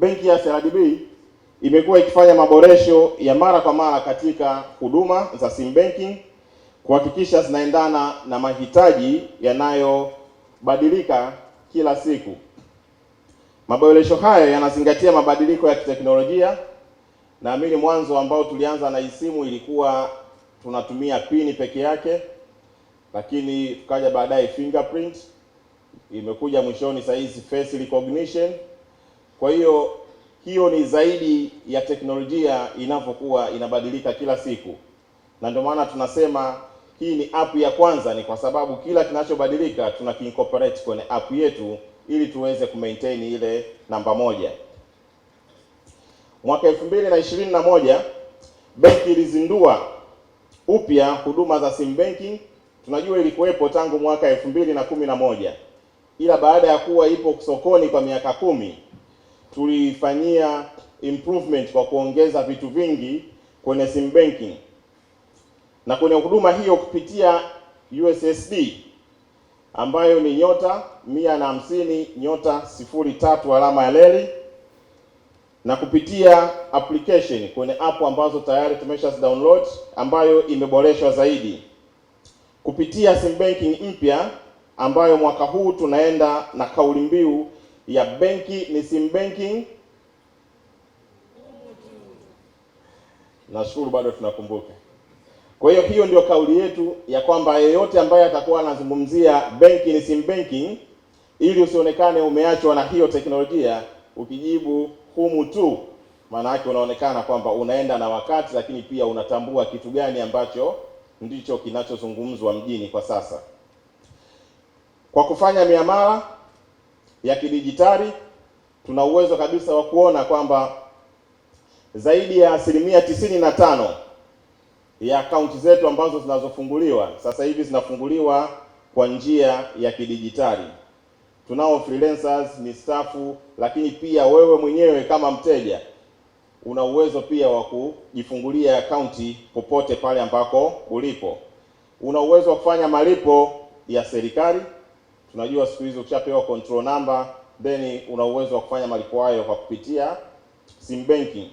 benki ya CRDB imekuwa ikifanya maboresho ya mara kwa mara katika huduma za sim banking kuhakikisha zinaendana na mahitaji yanayobadilika kila siku. Maboresho hayo yanazingatia mabadiliko ya kiteknolojia. Naamini mwanzo ambao tulianza na isimu ilikuwa tunatumia pini peke yake, lakini tukaja baadaye fingerprint imekuja mwishoni, saa hizi face recognition kwa hiyo hiyo ni zaidi ya teknolojia inavyokuwa inabadilika kila siku, na ndio maana tunasema hii ni app ya kwanza, ni kwa sababu kila kinachobadilika tuna kiincorporate kwenye app yetu ili tuweze kumaintain ile namba moja. Mwaka elfu mbili na ishirini na moja benki ilizindua upya huduma za sim banking. Tunajua ilikuwepo tangu mwaka elfu mbili na kumi na moja ila baada ya kuwa ipo sokoni kwa miaka kumi tulifanyia improvement kwa kuongeza vitu vingi kwenye sim banking na kwenye huduma hiyo kupitia USSD ambayo ni nyota mia na nyota sifuri tatu alama ya leli na kupitia application kwenye app ambazo tayari tumesha download ambayo imeboreshwa zaidi kupitia sim banking mpya ambayo mwaka huu tunaenda na kauli mbiu ya benki ni sim banking. Nashukuru bado tunakumbuka. Kwa hiyo hiyo ndio kauli yetu ya kwamba yeyote ambaye atakuwa anazungumzia benki ni sim banking, ili usionekane umeachwa na hiyo teknolojia, ukijibu humu tu, maana yake unaonekana kwamba unaenda na wakati, lakini pia unatambua kitu gani ambacho ndicho kinachozungumzwa mjini kwa sasa. Kwa kufanya miamala ya kidijitali, tuna uwezo kabisa wa kuona kwamba zaidi ya asilimia tisini na tano ya akaunti zetu ambazo zinazofunguliwa sasa hivi zinafunguliwa kwa njia ya kidijitali. Tunao freelancers, staff, lakini pia wewe mwenyewe kama mteja una uwezo pia wa kujifungulia akaunti popote pale ambako ulipo. Una uwezo wa kufanya malipo ya serikali Tunajua siku hizi ukishapewa control number then una uwezo wa kufanya malipo hayo kwa kupitia sim banking.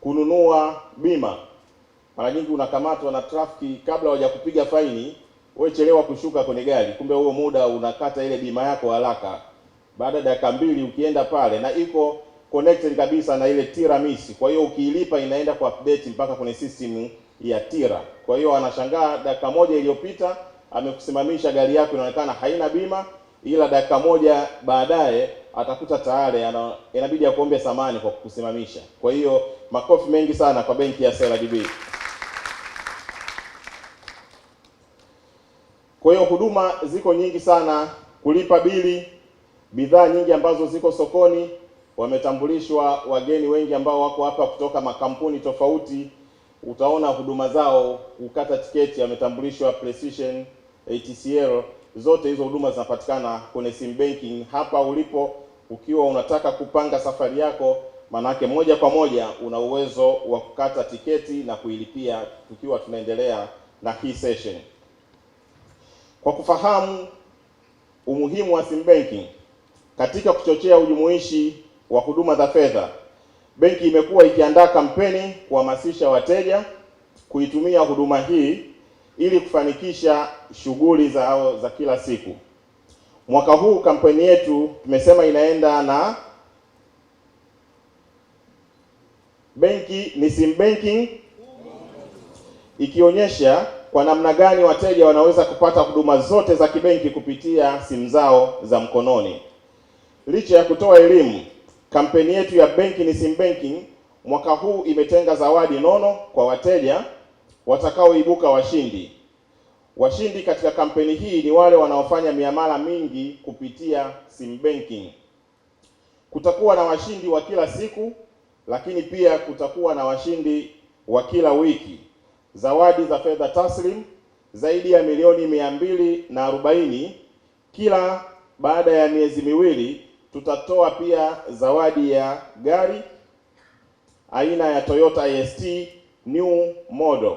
Kununua bima, mara nyingi unakamatwa na trafiki kabla hawajakupiga faini, wewe chelewa kushuka kwenye gari, kumbe huo muda unakata ile bima yako haraka. Baada ya dakika mbili ukienda pale na iko connected kabisa na ile tira misi. kwa hiyo ukiilipa inaenda kwa update mpaka kwenye system ya tira. Kwa hiyo anashangaa dakika moja iliyopita amekusimamisha gari yako inaonekana haina bima, ila dakika moja baadaye atakuta tayari inabidi akuombe samani kwa kukusimamisha. Kwa hiyo makofi mengi sana kwa benki ya CRDB. Kwa hiyo huduma ziko nyingi sana, kulipa bili, bidhaa nyingi ambazo ziko sokoni. Wametambulishwa wageni wengi ambao wako hapa kutoka makampuni tofauti, utaona huduma zao, kukata tiketi, wametambulishwa Precision ATCL, zote hizo huduma zinapatikana kwenye sim banking hapa ulipo. Ukiwa unataka kupanga safari yako, manake moja kwa moja una uwezo wa kukata tiketi na kuilipia tukiwa tunaendelea na hii session. Kwa kufahamu umuhimu wa sim banking katika kuchochea ujumuishi wa huduma za fedha, benki imekuwa ikiandaa kampeni kuhamasisha wateja kuitumia huduma hii ili kufanikisha shughuli zao za kila siku. Mwaka huu kampeni yetu tumesema inaenda na benki ni sim banking, ikionyesha kwa namna gani wateja wanaweza kupata huduma zote za kibenki kupitia simu zao za mkononi. Licha ya kutoa elimu, kampeni yetu ya benki ni sim banking mwaka huu imetenga zawadi nono kwa wateja watakaoibuka washindi. Washindi katika kampeni hii ni wale wanaofanya miamala mingi kupitia sim banking. Kutakuwa na washindi wa kila siku, lakini pia kutakuwa na washindi wa kila wiki. Zawadi za fedha taslim zaidi ya milioni mia mbili na arobaini kila baada ya miezi miwili. Tutatoa pia zawadi ya gari aina ya Toyota ast new model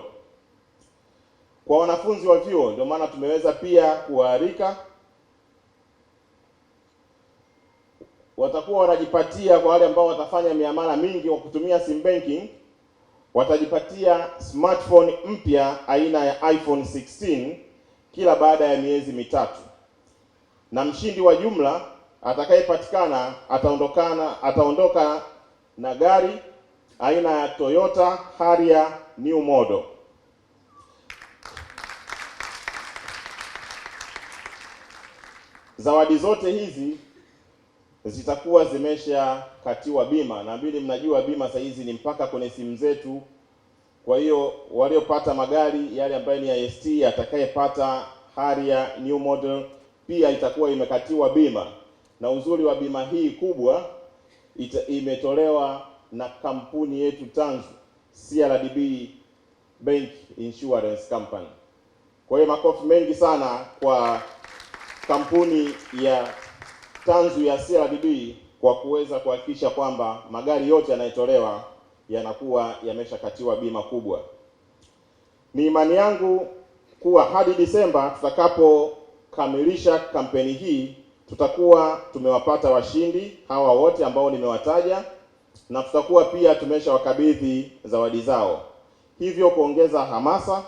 kwa wanafunzi wa vyuo. Ndio maana tumeweza pia kuwaalika, watakuwa wanajipatia, kwa wale ambao watafanya miamala mingi kwa kutumia sim banking, watajipatia smartphone mpya aina ya iPhone 16 kila baada ya miezi mitatu, na mshindi wa jumla atakayepatikana ataondokana ataondoka na gari aina ya Toyota Harrier new model. zawadi zote hizi zitakuwa zimeshakatiwa bima, na vile mnajua bima sasa hizi ni mpaka kwenye simu zetu. Kwa hiyo waliopata magari yale ambayo ni ya atakayepata Harrier new model pia itakuwa imekatiwa bima, na uzuri wa bima hii kubwa ita, imetolewa na kampuni yetu tanzu CRDB Bank Insurance Company. Kwa hiyo makofi mengi sana kwa kampuni ya tanzu ya CRDB kwa kuweza kuhakikisha kwamba magari yote yanayotolewa yanakuwa yameshakatiwa bima kubwa. Ni imani yangu kuwa hadi Disemba tutakapokamilisha kampeni hii tutakuwa tumewapata washindi hawa wote ambao nimewataja na tutakuwa pia tumeshawakabidhi zawadi zao, hivyo kuongeza hamasa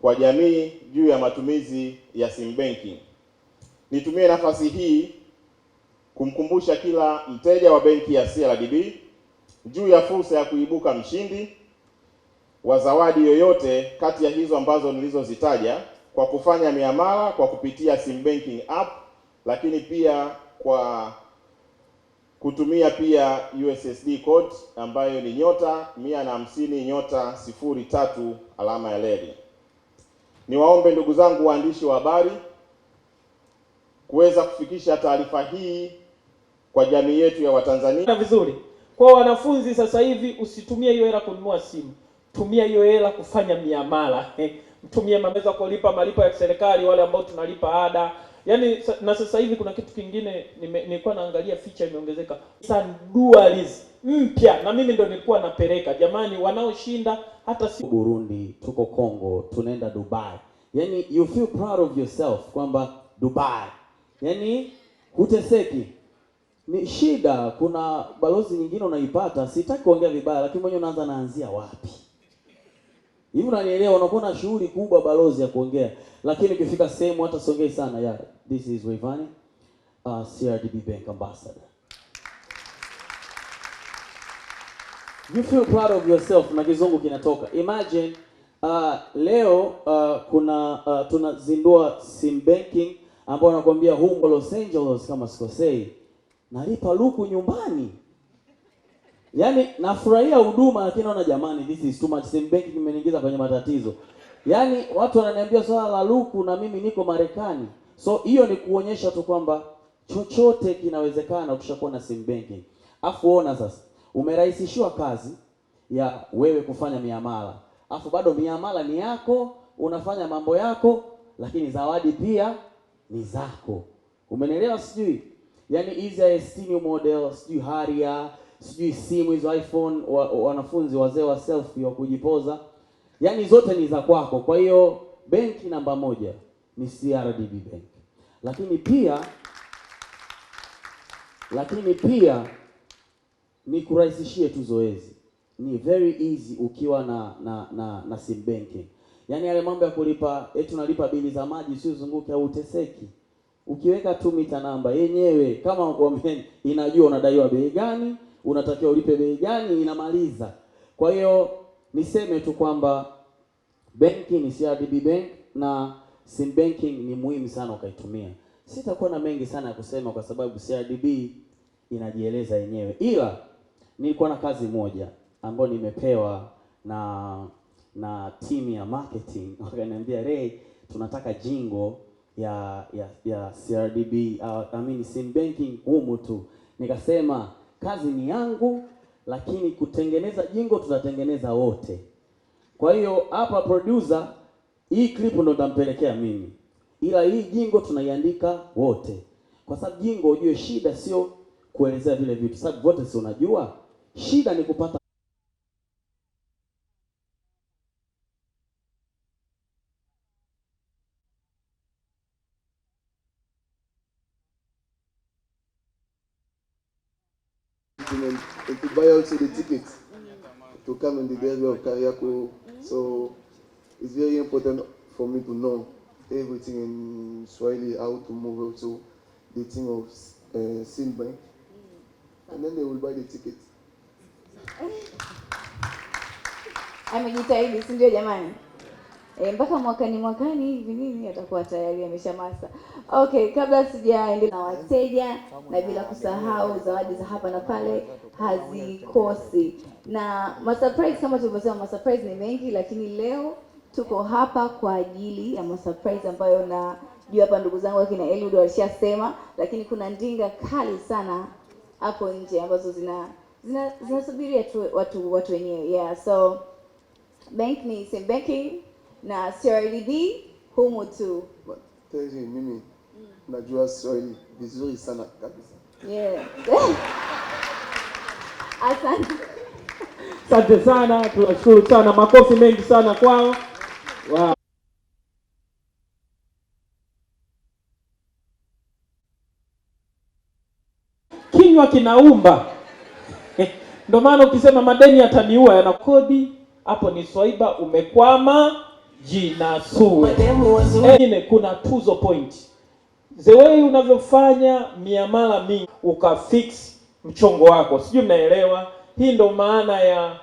kwa jamii juu ya matumizi ya sim banking. Nitumie nafasi hii kumkumbusha kila mteja wa benki ya CRDB juu ya fursa ya kuibuka mshindi wa zawadi yoyote kati ya hizo ambazo nilizozitaja kwa kufanya miamala kwa kupitia sim banking app, lakini pia kwa kutumia pia USSD code ambayo ni nyota mia na hamsini nyota sifuri tatu alama ya leli. Niwaombe ndugu zangu waandishi wa habari kuweza kufikisha taarifa hii kwa jamii yetu ya Watanzania na vizuri. Kwa wanafunzi sasa hivi, usitumie hiyo hela kununua simu, tumia hiyo hela kufanya miamala mtumie mameza kulipa malipo ya serikali, wale ambao tunalipa ada yaani. Na sasa hivi kuna kitu kingine nilikuwa naangalia, feature imeongezeka sandualis mpya, na mimi ndio nilikuwa napeleka. Jamani, wanaoshinda hata si Burundi, tuko Kongo, tunaenda Dubai, yaani you feel proud of yourself kwamba Dubai yaani huteseki. Ni shida. Kuna balozi nyingine unaipata, sitaki kuongea vibaya, lakini mwenyewe unaanza naanzia wapi hivi, unanielewa? Unakuwa na shughuli kubwa balozi ya kuongea, lakini ukifika sehemu hata songei sana ya this is Rayvanny uh, CRDB Bank Ambassador. You feel proud of yourself na kizungu kinatoka. Imagine uh, leo uh, kuna uh, tunazindua sim banking ambao anakuambia huko Los Angeles kama sikosei, nalipa luku nyumbani. Yaani nafurahia huduma lakini naona jamani, this is too much, same bank imeniingiza kwenye matatizo. Yaani watu wananiambia swala la luku na mimi niko Marekani. So hiyo ni kuonyesha tu kwamba chochote kinawezekana ukishakuwa na sim banking. Afu ona sasa, umerahisishiwa kazi ya wewe kufanya miamala, afu bado miamala ni yako, unafanya mambo yako, lakini zawadi pia ni zako. Umenielewa? Sijui yaani hizi ya model, sijui haria, sijui simu hizo iPhone, wa, wanafunzi wazee wa selfie wa kujipoza, yaani zote ni za kwako. Kwa hiyo benki namba moja ni CRDB Bank, lakini pia lakini pia ni kurahisishie tu zoezi, ni very easy ukiwa na na na, na sim banking Yaani yale mambo ya kulipa eti eh, unalipa bili za maji usizunguke au uteseki. Ukiweka tu mita namba yenyewe kama wameni, inajua unadaiwa bei gani, unatakiwa ulipe bei gani, inamaliza. Kwa hiyo niseme tu kwamba benki ni CRDB Bank na sim banking ni muhimu sana ukaitumia. Sitakuwa na mengi sana ya kusema kwa sababu CRDB inajieleza yenyewe, ila nilikuwa na kazi moja ambayo nimepewa na na timu ya marketing wakaniambia, Ray, tunataka jingo ya ya, ya CRDB uh, I mean sim banking humu tu. Nikasema kazi ni yangu, lakini kutengeneza jingo tutatengeneza wote. Kwa hiyo hapa producer, hii clip ndo nitampelekea mimi, ila hii jingo tunaiandika wote, kwa sababu jingo, ujue shida sio kuelezea vile vitu, sababu wote si unajua shida ni kupata also the ticket to come in the area of Kariako. So it's very important for me to know everything in Swahili, how to move also the thing of uh, eh, Simba. And then they will buy the ticket. Amejitahidi, si ndio jamani? E, mpaka mwakani mwakani hivi nini atakuwa tayari ameshamasa. Okay, kabla sijaende na wateja na bila kusahau zawadi za hapa na pale hazikosi, na ma surprise kama tulivyosema, ma surprise ni mengi, lakini leo tuko hapa kwa ajili ya ma surprise ambayo na juu hapa ndugu zangu akina Eliud walishasema, lakini kuna ndinga kali sana hapo nje ambazo zina zinasubiria zina tu watu watu wenyewe yeah, so bank ni banking na CRDB humu tu. Tezi, mimi mm. najua Swahili vizuri sana kabisa. Yeah. Asante. Asante sana, tunashukuru sana, makofi mengi sana kwao. Wow. Kinywa kinaumba ndio maana ukisema madeni yataniua yana kodi, hapo ni swaiba, umekwama jinasue. Ingine kuna tuzo point, the way unavyofanya miamala mingi ukafix mchongo wako, sijui mnaelewa. Hii ndo maana ya